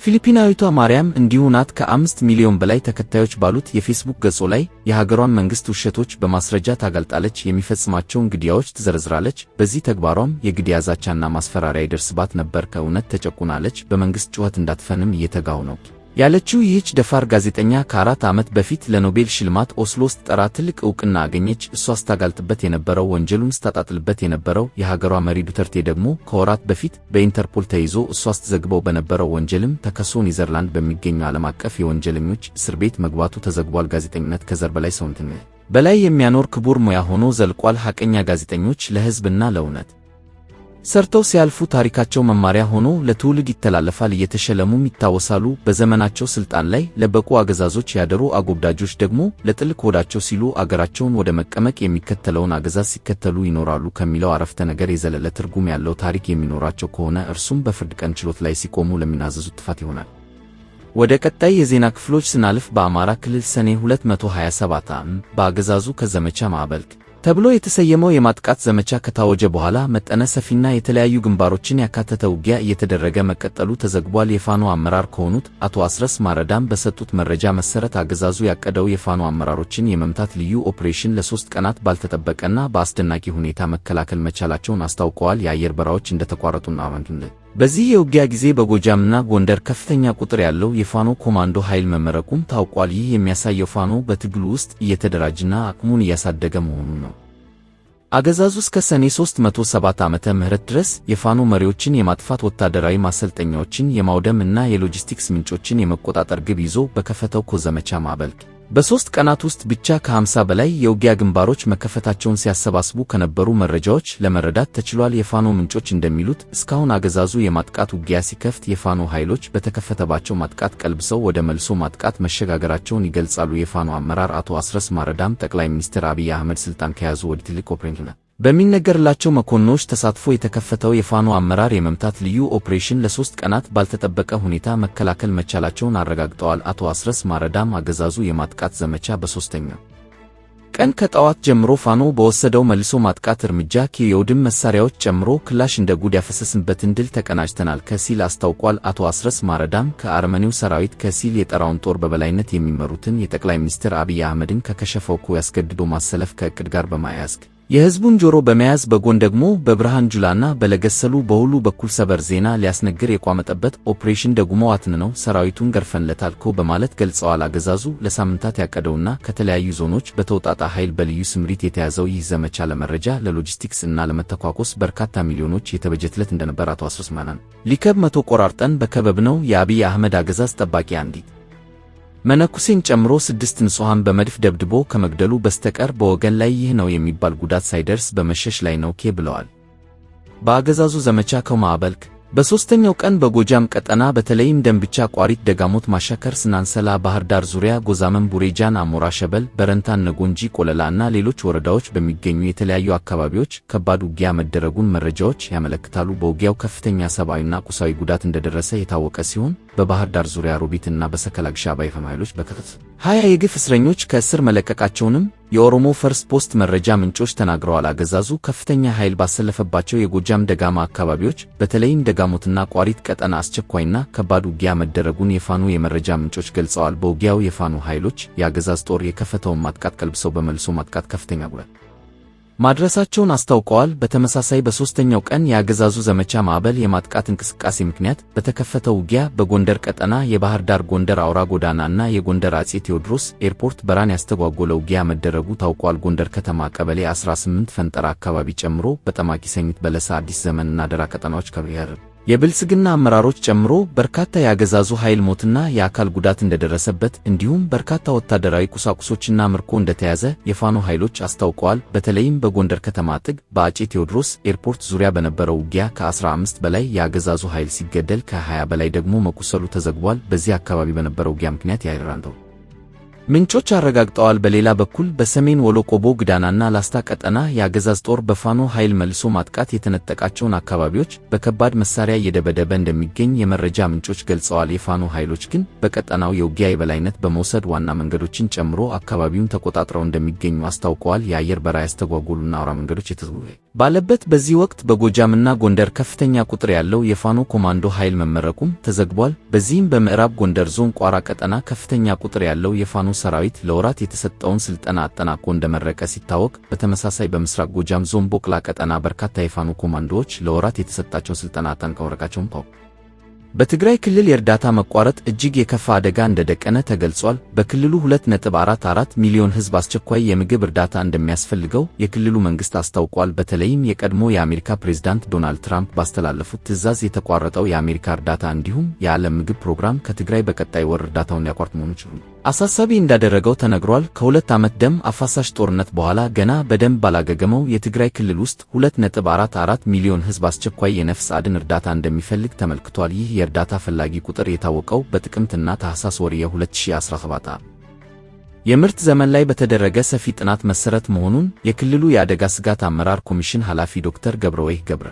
ፊሊፒናዊቷ ማርያም እንዲሁ ናት። ከአምስት ሚሊዮን በላይ ተከታዮች ባሉት የፌስቡክ ገጾ ላይ የሀገሯን መንግስት ውሸቶች በማስረጃ ታጋልጣለች፣ የሚፈጽማቸውን ግድያዎች ትዘረዝራለች። በዚህ ተግባሯም የግድያ ዛቻና ማስፈራሪያ ይደርስባት ነበር። ከእውነት ተጨቁናለች። በመንግስት ጩኸት እንዳትፈንም እየተጋው ነው። ያለችው ይህች ደፋር ጋዜጠኛ ከአራት ዓመት በፊት ለኖቤል ሽልማት ኦስሎ ስትጠራ ትልቅ ዕውቅና አገኘች። እሷ ስታጋልጥበት የነበረው ወንጀሉን ስታጣጥልበት የነበረው የሀገሯ መሪ ዱተርቴ ደግሞ ከወራት በፊት በኢንተርፖል ተይዞ እሷ ስትዘግበው በነበረው ወንጀልም ተከሶ ኒዘርላንድ በሚገኙ ዓለም አቀፍ የወንጀለኞች እስር ቤት መግባቱ ተዘግቧል። ጋዜጠኝነት ከዘር በላይ ሰውነትን በላይ የሚያኖር ክቡር ሙያ ሆኖ ዘልቋል። ሐቀኛ ጋዜጠኞች ለሕዝብና ለእውነት ሰርተው ሲያልፉ ታሪካቸው መማሪያ ሆኖ ለትውልድ ይተላለፋል። እየተሸለሙም ይታወሳሉ። በዘመናቸው ስልጣን ላይ ለበቁ አገዛዞች ያደሩ አጎብዳጆች ደግሞ ለጥልቅ ሆዳቸው ሲሉ አገራቸውን ወደ መቀመቅ የሚከተለውን አገዛዝ ሲከተሉ ይኖራሉ ከሚለው አረፍተ ነገር የዘለለ ትርጉም ያለው ታሪክ የሚኖራቸው ከሆነ እርሱም በፍርድ ቀን ችሎት ላይ ሲቆሙ ለሚናዘዙት ጥፋት ይሆናል። ወደ ቀጣይ የዜና ክፍሎች ስናልፍ በአማራ ክልል ሰኔ 227 በአገዛዙ ከዘመቻ ማዕበልት ተብሎ የተሰየመው የማጥቃት ዘመቻ ከታወጀ በኋላ መጠነ ሰፊና የተለያዩ ግንባሮችን ያካተተ ውጊያ እየተደረገ መቀጠሉ ተዘግቧል። የፋኖ አመራር ከሆኑት አቶ አስረስ ማረዳም በሰጡት መረጃ መሰረት አገዛዙ ያቀደው የፋኖ አመራሮችን የመምታት ልዩ ኦፕሬሽን ለሶስት ቀናት ባልተጠበቀና በአስደናቂ ሁኔታ መከላከል መቻላቸውን አስታውቀዋል። የአየር በራዎች እንደተቋረጡና በዚህ የውጊያ ጊዜ በጎጃምና ጎንደር ከፍተኛ ቁጥር ያለው የፋኖ ኮማንዶ ኃይል መመረቁም ታውቋል። ይህ የሚያሳየው ፋኖ በትግሉ ውስጥ እየተደራጅና አቅሙን እያሳደገ መሆኑን ነው። አገዛዙ እስከ ሰኔ 307 ዓመተ ምህረት ድረስ የፋኖ መሪዎችን የማጥፋት ወታደራዊ ማሰልጠኛዎችን የማውደም እና የሎጂስቲክስ ምንጮችን የመቆጣጠር ግብ ይዞ በከፈተው ኮ ዘመቻ ማዕበል በሦስት ቀናት ውስጥ ብቻ ከ50 በላይ የውጊያ ግንባሮች መከፈታቸውን ሲያሰባስቡ ከነበሩ መረጃዎች ለመረዳት ተችሏል። የፋኖ ምንጮች እንደሚሉት እስካሁን አገዛዙ የማጥቃት ውጊያ ሲከፍት የፋኖ ኃይሎች በተከፈተባቸው ማጥቃት ቀልብሰው ወደ መልሶ ማጥቃት መሸጋገራቸውን ይገልጻሉ። የፋኖ አመራር አቶ አስረስ ማረዳም ጠቅላይ ሚኒስትር አብይ አህመድ ስልጣን ከያዙ ወዲህ ትልቅ ኦፕሬሽን በሚነገርላቸው መኮንኖች ተሳትፎ የተከፈተው የፋኖ አመራር የመምታት ልዩ ኦፕሬሽን ለሶስት ቀናት ባልተጠበቀ ሁኔታ መከላከል መቻላቸውን አረጋግጠዋል። አቶ አስረስ ማረዳም አገዛዙ የማጥቃት ዘመቻ በሦስተኛው ቀን ከጠዋት ጀምሮ ፋኖ በወሰደው መልሶ ማጥቃት እርምጃ የውድም መሳሪያዎች ጨምሮ ክላሽ እንደ ጉድ ያፈሰስንበትን ድል ተቀናጅተናል ከሲል አስታውቋል። አቶ አስረስ ማረዳም ከአርመኒው ሰራዊት ከሲል የጠራውን ጦር በበላይነት የሚመሩትን የጠቅላይ ሚኒስትር አብይ አህመድን ከከሸፈው እኮ ያስገድዶ ማሰለፍ ከእቅድ ጋር በማያያዝግ የህዝቡን ጆሮ በመያዝ በጎን ደግሞ በብርሃን ጁላና በለገሰሉ በሁሉ በኩል ሰበር ዜና ሊያስነግር የቋመጠበት ኦፕሬሽን ደግሞ ነው። ሰራዊቱን ገርፈንለታል እኮ በማለት ገልጸዋል። አገዛዙ ለሳምንታት ያቀደውና ከተለያዩ ዞኖች በተውጣጣ ኃይል በልዩ ስምሪት የተያዘው ይህ ዘመቻ ለመረጃ ለሎጂስቲክስ እና ለመተኳኮስ በርካታ ሚሊዮኖች የተበጀትለት እንደነበር አቶ አስረስ ማናን ሊከብ መቶ ቆራርጠን በከበብ ነው የአብይ አህመድ አገዛዝ ጠባቂ አንዲት መነኩሴን ጨምሮ ስድስት ንጹሐን በመድፍ ደብድቦ ከመግደሉ በስተቀር በወገን ላይ ይህ ነው የሚባል ጉዳት ሳይደርስ በመሸሽ ላይ ነው ኬ ብለዋል። በአገዛዙ ዘመቻ ከማዕበልክ በሦስተኛው ቀን በጎጃም ቀጠና በተለይም ደንብቻ፣ ቋሪት፣ ደጋሞት፣ ማሻከር፣ ስናንሰላ፣ ባህር ዳር ዙሪያ፣ ጎዛመን፣ ቡሬጃን፣ አሞራ ሸበል፣ በረንታን፣ ነጎንጂ፣ ቆለላ እና ሌሎች ወረዳዎች በሚገኙ የተለያዩ አካባቢዎች ከባድ ውጊያ መደረጉን መረጃዎች ያመለክታሉ። በውጊያው ከፍተኛ ሰብአዊና ቁሳዊ ጉዳት እንደደረሰ የታወቀ ሲሆን በባህር ዳር ዙሪያ ሮቢት እና በሰከላ ግሻባ የፈማይሎች በከተት ሀያ የግፍ እስረኞች ከእስር መለቀቃቸውንም የኦሮሞ ፈርስት ፖስት መረጃ ምንጮች ተናግረዋል። አገዛዙ ከፍተኛ ኃይል ባሰለፈባቸው የጎጃም ደጋማ አካባቢዎች በተለይም ደጋሞትና ቋሪት ቀጠና አስቸኳይና ከባድ ውጊያ መደረጉን የፋኖ የመረጃ ምንጮች ገልጸዋል። በውጊያው የፋኖ ኃይሎች የአገዛዝ ጦር የከፈተውን ማጥቃት ቀልብሰው በመልሶ ማጥቃት ከፍተኛ ጉዳት ማድረሳቸውን አስታውቀዋል። በተመሳሳይ በሦስተኛው ቀን የአገዛዙ ዘመቻ ማዕበል የማጥቃት እንቅስቃሴ ምክንያት በተከፈተው ውጊያ በጎንደር ቀጠና የባህር ዳር ጎንደር አውራ ጎዳና እና የጎንደር አጼ ቴዎድሮስ ኤርፖርት በራን ያስተጓጎለ ውጊያ መደረጉ ታውቋል። ጎንደር ከተማ ቀበሌ 18 ፈንጠራ አካባቢ ጨምሮ በጠማቂ ሰኝት፣ በለሳ፣ አዲስ ዘመን እና ደራ ቀጠናዎች ከብሔር የብልጽግና አመራሮች ጨምሮ በርካታ የአገዛዙ ኃይል ሞትና የአካል ጉዳት እንደደረሰበት እንዲሁም በርካታ ወታደራዊ ቁሳቁሶችና ምርኮ እንደተያዘ የፋኖ ኃይሎች አስታውቀዋል። በተለይም በጎንደር ከተማ ጥግ በአፄ ቴዎድሮስ ኤርፖርት ዙሪያ በነበረው ውጊያ ከ15 በላይ የአገዛዙ ኃይል ሲገደል ከ20 በላይ ደግሞ መቁሰሉ ተዘግቧል። በዚህ አካባቢ በነበረው ውጊያ ምክንያት ያይራንተው ምንጮች አረጋግጠዋል። በሌላ በኩል በሰሜን ወሎ ቆቦ ግዳናና ላስታ ቀጠና የአገዛዝ ጦር በፋኖ ኃይል መልሶ ማጥቃት የተነጠቃቸውን አካባቢዎች በከባድ መሳሪያ እየደበደበ እንደሚገኝ የመረጃ ምንጮች ገልጸዋል። የፋኖ ኃይሎች ግን በቀጠናው የውጊያ የበላይነት በመውሰድ ዋና መንገዶችን ጨምሮ አካባቢውን ተቆጣጥረው እንደሚገኙ አስታውቀዋል። የአየር በራ ያስተጓጎሉና አውራ መንገዶች የተዘጉ ባለበት በዚህ ወቅት በጎጃምና ጎንደር ከፍተኛ ቁጥር ያለው የፋኖ ኮማንዶ ኃይል መመረቁም ተዘግቧል። በዚህም በምዕራብ ጎንደር ዞን ቋራ ቀጠና ከፍተኛ ቁጥር ያለው የፋኖ ሰራዊት ለወራት የተሰጠውን ስልጠና አጠናቆ እንደመረቀ ሲታወቅ፣ በተመሳሳይ በምስራቅ ጎጃም ዞን ቦቅላ ቀጠና በርካታ የፋኖ ኮማንዶዎች ለወራት የተሰጣቸው ስልጠና አጠናቀው መረቃቸውን በትግራይ ክልል የእርዳታ መቋረጥ እጅግ የከፋ አደጋ እንደደቀነ ተገልጿል። በክልሉ 2.44 ሚሊዮን ሕዝብ አስቸኳይ የምግብ እርዳታ እንደሚያስፈልገው የክልሉ መንግሥት አስታውቋል። በተለይም የቀድሞ የአሜሪካ ፕሬዝዳንት ዶናልድ ትራምፕ ባስተላለፉት ትዕዛዝ የተቋረጠው የአሜሪካ እርዳታ እንዲሁም የዓለም ምግብ ፕሮግራም ከትግራይ በቀጣይ ወር እርዳታውን ሊያቋርጥ መሆኑ አሳሳቢ እንዳደረገው ተነግሯል። ከሁለት ዓመት ደም አፋሳሽ ጦርነት በኋላ ገና በደንብ ባላገገመው የትግራይ ክልል ውስጥ 2.44 ሚሊዮን ሕዝብ አስቸኳይ የነፍስ አድን እርዳታ እንደሚፈልግ ተመልክቷል። ይህ የእርዳታ ፈላጊ ቁጥር የታወቀው በጥቅምትና ታህሳስ ወር የ2017 የምርት ዘመን ላይ በተደረገ ሰፊ ጥናት መሠረት መሆኑን የክልሉ የአደጋ ስጋት አመራር ኮሚሽን ኃላፊ ዶክተር ገብረወይህ ገብረ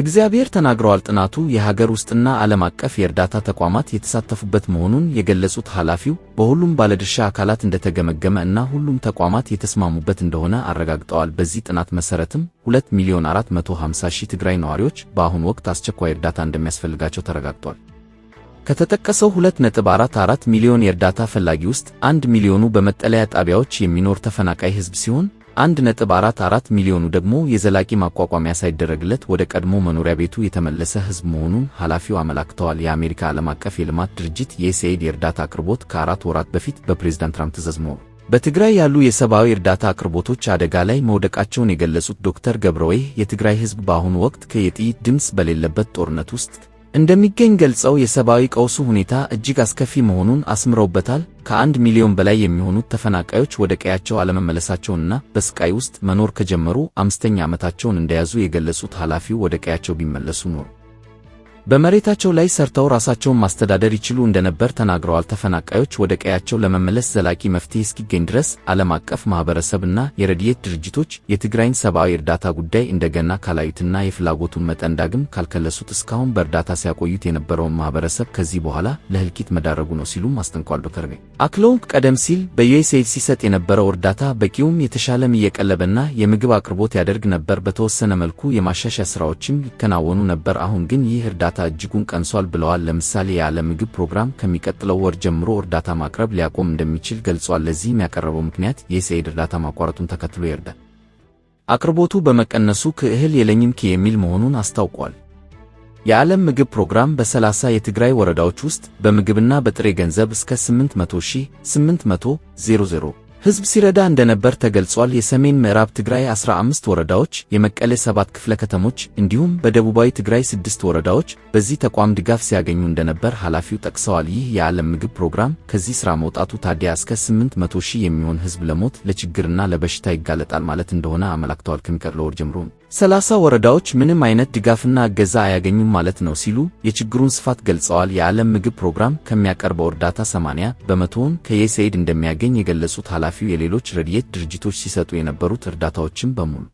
እግዚአብሔር ተናግረዋል። ጥናቱ የሀገር ውስጥና ዓለም አቀፍ የእርዳታ ተቋማት የተሳተፉበት መሆኑን የገለጹት ኃላፊው በሁሉም ባለድርሻ አካላት እንደተገመገመ እና ሁሉም ተቋማት የተስማሙበት እንደሆነ አረጋግጠዋል። በዚህ ጥናት መሠረትም 2 ሚሊዮን 450 ሺህ ትግራይ ነዋሪዎች በአሁኑ ወቅት አስቸኳይ እርዳታ እንደሚያስፈልጋቸው ተረጋግጧል። ከተጠቀሰው 2.44 ሚሊዮን የእርዳታ ፈላጊ ውስጥ 1 ሚሊዮኑ በመጠለያ ጣቢያዎች የሚኖር ተፈናቃይ ሕዝብ ሲሆን 1.44 ሚሊዮኑ ደግሞ የዘላቂ ማቋቋሚያ ሳይደረግለት ወደ ቀድሞ መኖሪያ ቤቱ የተመለሰ ሕዝብ መሆኑን ኃላፊው አመላክተዋል። የአሜሪካ ዓለም አቀፍ የልማት ድርጅት የዩኤስኤይድ የእርዳታ አቅርቦት ከአራት ወራት በፊት በፕሬዝዳንት ትራምፕ ትዕዛዝ በትግራይ ያሉ የሰብአዊ እርዳታ አቅርቦቶች አደጋ ላይ መውደቃቸውን የገለጹት ዶክተር ገብረወይህ የትግራይ ሕዝብ በአሁኑ ወቅት ከየጥይት ድምፅ በሌለበት ጦርነት ውስጥ እንደሚገኝ ገልጸው የሰብአዊ ቀውሱ ሁኔታ እጅግ አስከፊ መሆኑን አስምረውበታል። ከአንድ ሚሊዮን በላይ የሚሆኑት ተፈናቃዮች ወደ ቀያቸው አለመመለሳቸውንና በስቃይ ውስጥ መኖር ከጀመሩ አምስተኛ ዓመታቸውን እንደያዙ የገለጹት ኃላፊው ወደ ቀያቸው ቢመለሱ ኖሩ በመሬታቸው ላይ ሰርተው ራሳቸውን ማስተዳደር ይችሉ እንደነበር ተናግረዋል። ተፈናቃዮች ወደ ቀያቸው ለመመለስ ዘላቂ መፍትሄ እስኪገኝ ድረስ ዓለም አቀፍ ማኅበረሰብና የረድኤት ድርጅቶች የትግራይን ሰብአዊ እርዳታ ጉዳይ እንደገና ካላዩትና የፍላጎቱን መጠን ዳግም ካልከለሱት እስካሁን በእርዳታ ሲያቆዩት የነበረውን ማኅበረሰብ ከዚህ በኋላ ለህልቂት መዳረጉ ነው ሲሉም አስጠንቋል። ዶክተር አክሎም ቀደም ሲል በዩኤስኤድ ሲሰጥ የነበረው እርዳታ በቂውም የተሻለም እየቀለበና የምግብ አቅርቦት ያደርግ ነበር፣ በተወሰነ መልኩ የማሻሻያ ሥራዎችም ይከናወኑ ነበር። አሁን ግን ይህ እርዳታ እርዳታ እጅጉን ቀንሷል ብለዋል። ለምሳሌ የዓለም ምግብ ፕሮግራም ከሚቀጥለው ወር ጀምሮ እርዳታ ማቅረብ ሊያቆም እንደሚችል ገልጿል። ለዚህም ያቀረበው ምክንያት የሰኤድ እርዳታ ማቋረጡን ተከትሎ ይርዳል አቅርቦቱ በመቀነሱ ከእህል የለኝም የሚል መሆኑን አስታውቋል። የዓለም ምግብ ፕሮግራም በሰላሳ የትግራይ ወረዳዎች ውስጥ በምግብና በጥሬ ገንዘብ እስከ 800 ሺህ 800 ሕዝብ ሲረዳ እንደነበር ተገልጿል። የሰሜን ምዕራብ ትግራይ 15 ወረዳዎች፣ የመቀሌ ሰባት ክፍለ ከተሞች እንዲሁም በደቡባዊ ትግራይ ስድስት ወረዳዎች በዚህ ተቋም ድጋፍ ሲያገኙ እንደነበር ኃላፊው ጠቅሰዋል። ይህ የዓለም ምግብ ፕሮግራም ከዚህ ሥራ መውጣቱ ታዲያ እስከ 800 ሺህ የሚሆን ሕዝብ ለሞት ለችግርና ለበሽታ ይጋለጣል ማለት እንደሆነ አመላክተዋል። ከሚቀጥለው ወር ጀምሮም ሰላሳ ወረዳዎች ምንም አይነት ድጋፍና እገዛ አያገኙም ማለት ነው ሲሉ የችግሩን ስፋት ገልጸዋል። የዓለም ምግብ ፕሮግራም ከሚያቀርበው እርዳታ 80 በመቶውን ከየሰይድ እንደሚያገኝ የገለጹት ኃላፊው የሌሎች ረድኤት ድርጅቶች ሲሰጡ የነበሩት እርዳታዎችን በሙሉ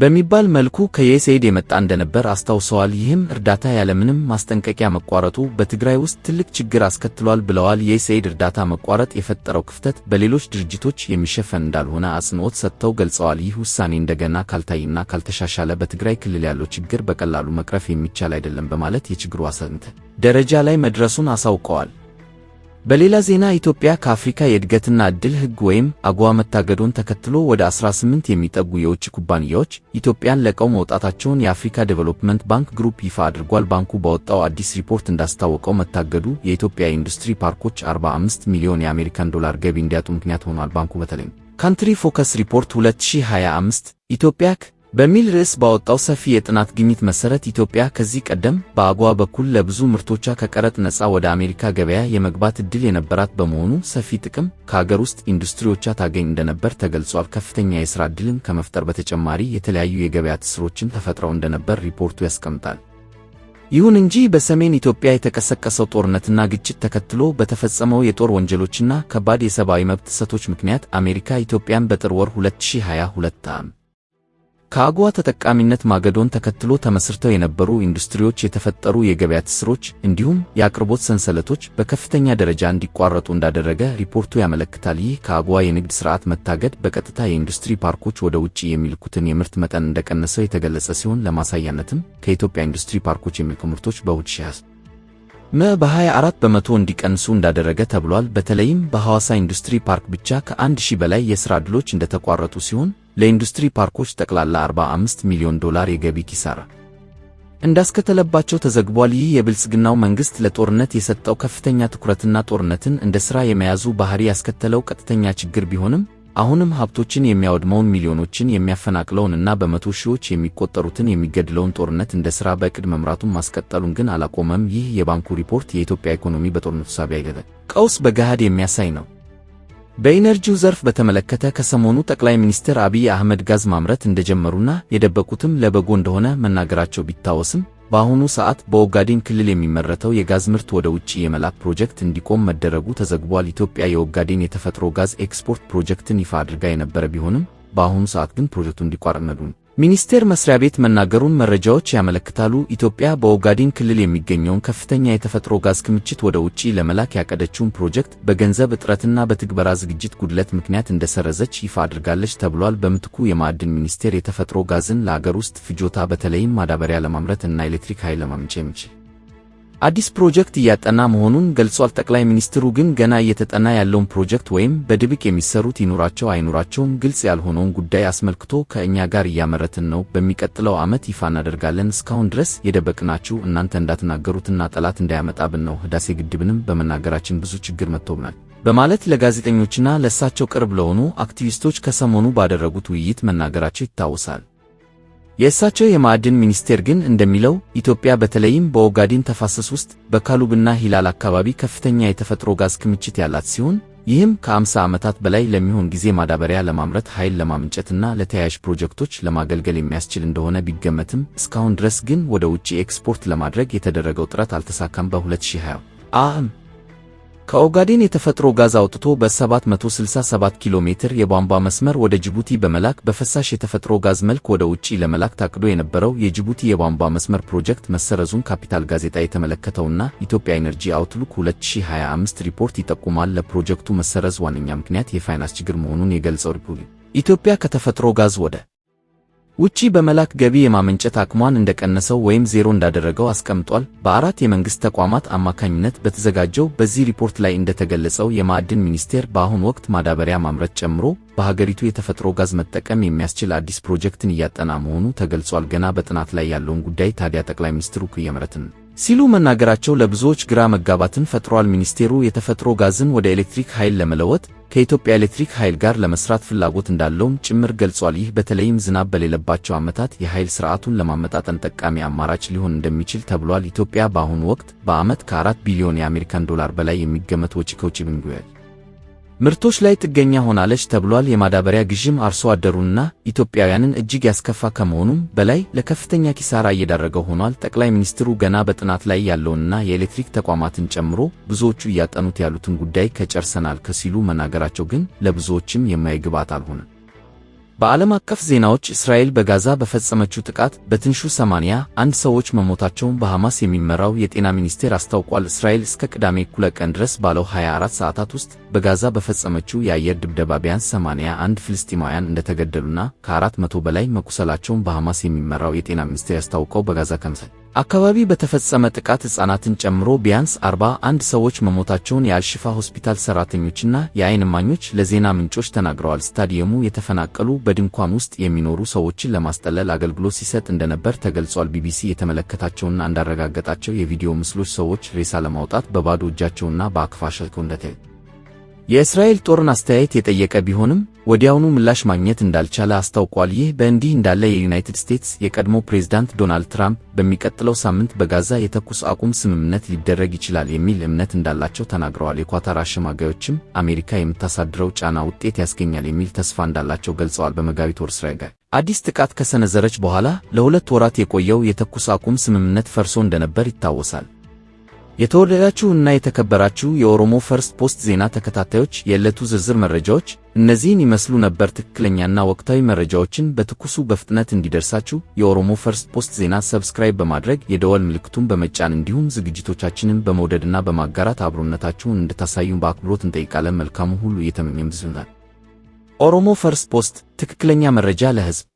በሚባል መልኩ ከየሰይድ የመጣ እንደነበር አስታውሰዋል። ይህም እርዳታ ያለምንም ማስጠንቀቂያ መቋረጡ በትግራይ ውስጥ ትልቅ ችግር አስከትሏል ብለዋል። የሰይድ እርዳታ መቋረጥ የፈጠረው ክፍተት በሌሎች ድርጅቶች የሚሸፈን እንዳልሆነ አጽንዖት ሰጥተው ገልጸዋል። ይህ ውሳኔ እንደገና ካልታይና ካልተሻሻለ በትግራይ ክልል ያለው ችግር በቀላሉ መቅረፍ የሚቻል አይደለም በማለት የችግሩ አሰንተ ደረጃ ላይ መድረሱን አሳውቀዋል። በሌላ ዜና ኢትዮጵያ ከአፍሪካ የእድገትና ዕድል ሕግ ወይም አጎዋ መታገዱን ተከትሎ ወደ 18 የሚጠጉ የውጭ ኩባንያዎች ኢትዮጵያን ለቀው መውጣታቸውን የአፍሪካ ዴቨሎፕመንት ባንክ ግሩፕ ይፋ አድርጓል። ባንኩ ባወጣው አዲስ ሪፖርት እንዳስታወቀው መታገዱ የኢትዮጵያ ኢንዱስትሪ ፓርኮች 45 ሚሊዮን የአሜሪካን ዶላር ገቢ እንዲያጡ ምክንያት ሆኗል። ባንኩ በተለይም ካንትሪ ፎከስ ሪፖርት 2025 ኢትዮጵያ በሚል ርዕስ ባወጣው ሰፊ የጥናት ግኝት መሠረት ኢትዮጵያ ከዚህ ቀደም በአጎዋ በኩል ለብዙ ምርቶቿ ከቀረጥ ነፃ ወደ አሜሪካ ገበያ የመግባት ዕድል የነበራት በመሆኑ ሰፊ ጥቅም ከአገር ውስጥ ኢንዱስትሪዎቿ ታገኝ እንደነበር ተገልጿል። ከፍተኛ የሥራ ዕድልን ከመፍጠር በተጨማሪ የተለያዩ የገበያ ትስሮችን ተፈጥረው እንደነበር ሪፖርቱ ያስቀምጣል። ይሁን እንጂ በሰሜን ኢትዮጵያ የተቀሰቀሰው ጦርነትና ግጭት ተከትሎ በተፈጸመው የጦር ወንጀሎችና ከባድ የሰብአዊ መብት ጥሰቶች ምክንያት አሜሪካ ኢትዮጵያን በጥር ወር 2022 ዓ.ም ከአጎዋ ተጠቃሚነት ማገዶን ተከትሎ ተመስርተው የነበሩ ኢንዱስትሪዎች የተፈጠሩ የገበያ ትስሮች እንዲሁም የአቅርቦት ሰንሰለቶች በከፍተኛ ደረጃ እንዲቋረጡ እንዳደረገ ሪፖርቱ ያመለክታል። ይህ ከአጎዋ የንግድ ስርዓት መታገድ በቀጥታ የኢንዱስትሪ ፓርኮች ወደ ውጭ የሚልኩትን የምርት መጠን እንደቀነሰው የተገለጸ ሲሆን ለማሳያነትም ከኢትዮጵያ ኢንዱስትሪ ፓርኮች የሚልኩ ምርቶች በውጭ መ በ24 በመቶ እንዲቀንሱ እንዳደረገ ተብሏል። በተለይም በሐዋሳ ኢንዱስትሪ ፓርክ ብቻ ከ1000 በላይ የሥራ ዕድሎች እንደተቋረጡ ሲሆን ለኢንዱስትሪ ፓርኮች ጠቅላላ 45 ሚሊዮን ዶላር የገቢ ኪሳራ እንዳስከተለባቸው ተዘግቧል። ይህ የብልጽግናው መንግስት ለጦርነት የሰጠው ከፍተኛ ትኩረትና ጦርነትን እንደ ሥራ የመያዙ ባህሪ ያስከተለው ቀጥተኛ ችግር ቢሆንም አሁንም ሀብቶችን የሚያወድመውን ሚሊዮኖችን የሚያፈናቅለውንና በመቶ ሺዎች የሚቆጠሩትን የሚገድለውን ጦርነት እንደ ሥራ በዕቅድ መምራቱን ማስቀጠሉን ግን አላቆመም። ይህ የባንኩ ሪፖርት የኢትዮጵያ ኢኮኖሚ በጦርነቱ ሳቢያ ቀውስ በገሃድ የሚያሳይ ነው። በኢነርጂው ዘርፍ በተመለከተ ከሰሞኑ ጠቅላይ ሚኒስትር አብይ አህመድ ጋዝ ማምረት እንደጀመሩና የደበቁትም ለበጎ እንደሆነ መናገራቸው ቢታወስም በአሁኑ ሰዓት በኦጋዴን ክልል የሚመረተው የጋዝ ምርት ወደ ውጭ የመላክ ፕሮጀክት እንዲቆም መደረጉ ተዘግቧል። ኢትዮጵያ የኦጋዴን የተፈጥሮ ጋዝ ኤክስፖርት ፕሮጀክትን ይፋ አድርጋ የነበረ ቢሆንም በአሁኑ ሰዓት ግን ፕሮጀክቱ እንዲቋረጥ መደረጉ ሚኒስቴር መስሪያ ቤት መናገሩን መረጃዎች ያመለክታሉ። ኢትዮጵያ በኦጋዴን ክልል የሚገኘውን ከፍተኛ የተፈጥሮ ጋዝ ክምችት ወደ ውጪ ለመላክ ያቀደችውን ፕሮጀክት በገንዘብ እጥረትና በትግበራ ዝግጅት ጉድለት ምክንያት እንደሰረዘች ይፋ አድርጋለች ተብሏል። በምትኩ የማዕድን ሚኒስቴር የተፈጥሮ ጋዝን ለአገር ውስጥ ፍጆታ በተለይም ማዳበሪያ ለማምረት እና ኤሌክትሪክ ኃይል ለማመንጨት የሚችል አዲስ ፕሮጀክት እያጠና መሆኑን ገልጿል። ጠቅላይ ሚኒስትሩ ግን ገና እየተጠና ያለውን ፕሮጀክት ወይም በድብቅ የሚሰሩት ይኖራቸው አይኖራቸውም ግልጽ ያልሆነውን ጉዳይ አስመልክቶ ከእኛ ጋር እያመረትን ነው፣ በሚቀጥለው ዓመት ይፋ እናደርጋለን፣ እስካሁን ድረስ የደበቅናችሁ እናንተ እንዳትናገሩትና ጠላት እንዳያመጣብን ነው፣ ህዳሴ ግድብንም በመናገራችን ብዙ ችግር መጥቶብናል በማለት ለጋዜጠኞችና ለእሳቸው ቅርብ ለሆኑ አክቲቪስቶች ከሰሞኑ ባደረጉት ውይይት መናገራቸው ይታወሳል። የእሳቸው የማዕድን ሚኒስቴር ግን እንደሚለው ኢትዮጵያ በተለይም በኦጋዴን ተፋሰስ ውስጥ በካሉብና ሂላል አካባቢ ከፍተኛ የተፈጥሮ ጋዝ ክምችት ያላት ሲሆን ይህም ከ50 ዓመታት በላይ ለሚሆን ጊዜ ማዳበሪያ ለማምረት፣ ኃይል ለማምንጨትና ለተያያዥ ፕሮጀክቶች ለማገልገል የሚያስችል እንደሆነ ቢገመትም እስካሁን ድረስ ግን ወደ ውጭ ኤክስፖርት ለማድረግ የተደረገው ጥረት አልተሳካም። በ2020 ዓ.ም ከኦጋዴን የተፈጥሮ ጋዝ አውጥቶ በ767 ኪሎ ሜትር የቧንቧ መስመር ወደ ጅቡቲ በመላክ በፈሳሽ የተፈጥሮ ጋዝ መልክ ወደ ውጪ ለመላክ ታቅዶ የነበረው የጅቡቲ የቧንቧ መስመር ፕሮጀክት መሰረዙን ካፒታል ጋዜጣ የተመለከተውና ኢትዮጵያ ኢነርጂ አውትሉክ 2025 ሪፖርት ይጠቁማል። ለፕሮጀክቱ መሰረዝ ዋነኛ ምክንያት የፋይናንስ ችግር መሆኑን የገልጸው ሪፖርቱ ኢትዮጵያ ከተፈጥሮ ጋዝ ወደ ውጪ በመላክ ገቢ የማመንጨት አቅሟን እንደቀነሰው ወይም ዜሮ እንዳደረገው አስቀምጧል። በአራት የመንግስት ተቋማት አማካኝነት በተዘጋጀው በዚህ ሪፖርት ላይ እንደተገለጸው የማዕድን ሚኒስቴር በአሁኑ ወቅት ማዳበሪያ ማምረት ጨምሮ በሀገሪቱ የተፈጥሮ ጋዝ መጠቀም የሚያስችል አዲስ ፕሮጀክትን እያጠና መሆኑ ተገልጿል። ገና በጥናት ላይ ያለውን ጉዳይ ታዲያ ጠቅላይ ሚኒስትሩ እየመሩትን ሲሉ መናገራቸው ለብዙዎች ግራ መጋባትን ፈጥሯል። ሚኒስቴሩ የተፈጥሮ ጋዝን ወደ ኤሌክትሪክ ኃይል ለመለወጥ ከኢትዮጵያ ኤሌክትሪክ ኃይል ጋር ለመስራት ፍላጎት እንዳለውም ጭምር ገልጿል። ይህ በተለይም ዝናብ በሌለባቸው ዓመታት የኃይል ስርዓቱን ለማመጣጠን ጠቃሚ አማራጭ ሊሆን እንደሚችል ተብሏል። ኢትዮጵያ በአሁኑ ወቅት በዓመት ከአራት ቢሊዮን የአሜሪካን ዶላር በላይ የሚገመት ወጪ ከውጭ ምርቶች ላይ ጥገኛ ሆናለች ተብሏል። የማዳበሪያ ግዥም አርሶ አደሩንና ኢትዮጵያውያንን እጅግ ያስከፋ ከመሆኑም በላይ ለከፍተኛ ኪሳራ እየዳረገ ሆኗል። ጠቅላይ ሚኒስትሩ ገና በጥናት ላይ ያለውንና የኤሌክትሪክ ተቋማትን ጨምሮ ብዙዎቹ እያጠኑት ያሉትን ጉዳይ ከጨርሰናል ከሲሉ መናገራቸው ግን ለብዙዎችም የማይግባት አልሆነም በዓለም አቀፍ ዜናዎች እስራኤል በጋዛ በፈጸመችው ጥቃት በትንሹ ሰማንያ አንድ ሰዎች መሞታቸውን በሐማስ የሚመራው የጤና ሚኒስቴር አስታውቋል። እስራኤል እስከ ቅዳሜ እኩለ ቀን ድረስ ባለው 24 ሰዓታት ውስጥ በጋዛ በፈጸመችው የአየር ድብደባ ቢያንስ 81 ፍልስጤማውያን እንደተገደሉና ከ መቶ በላይ መቁሰላቸውን በሐማስ የሚመራው የጤና ሚኒስቴር አስታውቀው በጋዛ ከምሰል አካባቢ በተፈጸመ ጥቃት ሕፃናትን ጨምሮ ቢያንስ 41 ሰዎች መሞታቸውን የአልሽፋ ሆስፒታል ሠራተኞችና የዓይን እማኞች ለዜና ምንጮች ተናግረዋል። ስታዲየሙ የተፈናቀሉ በድንኳን ውስጥ የሚኖሩ ሰዎችን ለማስጠለል አገልግሎት ሲሰጥ እንደነበር ተገልጿል። ቢቢሲ የተመለከታቸውና እንዳረጋገጣቸው የቪዲዮ ምስሎች ሰዎች ሬሳ ለማውጣት በባዶ እጃቸውና በአክፋሻቸው እንደተ የእስራኤል ጦርን አስተያየት የጠየቀ ቢሆንም ወዲያውኑ ምላሽ ማግኘት እንዳልቻለ አስታውቋል። ይህ በእንዲህ እንዳለ የዩናይትድ ስቴትስ የቀድሞ ፕሬዝዳንት ዶናልድ ትራምፕ በሚቀጥለው ሳምንት በጋዛ የተኩስ አቁም ስምምነት ሊደረግ ይችላል የሚል እምነት እንዳላቸው ተናግረዋል። የኳታር አሸማጋዮችም አሜሪካ የምታሳድረው ጫና ውጤት ያስገኛል የሚል ተስፋ እንዳላቸው ገልጸዋል። በመጋቢት ወር እስራኤል አዲስ ጥቃት ከሰነዘረች በኋላ ለሁለት ወራት የቆየው የተኩስ አቁም ስምምነት ፈርሶ እንደነበር ይታወሳል። የተወደዳችሁና የተከበራችሁ የኦሮሞ ፈርስት ፖስት ዜና ተከታታዮች የዕለቱ ዝርዝር መረጃዎች እነዚህን ይመስሉ ነበር። ትክክለኛና ወቅታዊ መረጃዎችን በትኩሱ በፍጥነት እንዲደርሳችሁ የኦሮሞ ፈርስት ፖስት ዜና ሰብስክራይብ በማድረግ የደወል ምልክቱን በመጫን እንዲሁም ዝግጅቶቻችንን በመውደድና በማጋራት አብሮነታችሁን እንድታሳዩን በአክብሮት እንጠይቃለን። መልካሙ ሁሉ እየተመኘም ኦሮሞ ፈርስት ፖስት ትክክለኛ መረጃ ለሕዝብ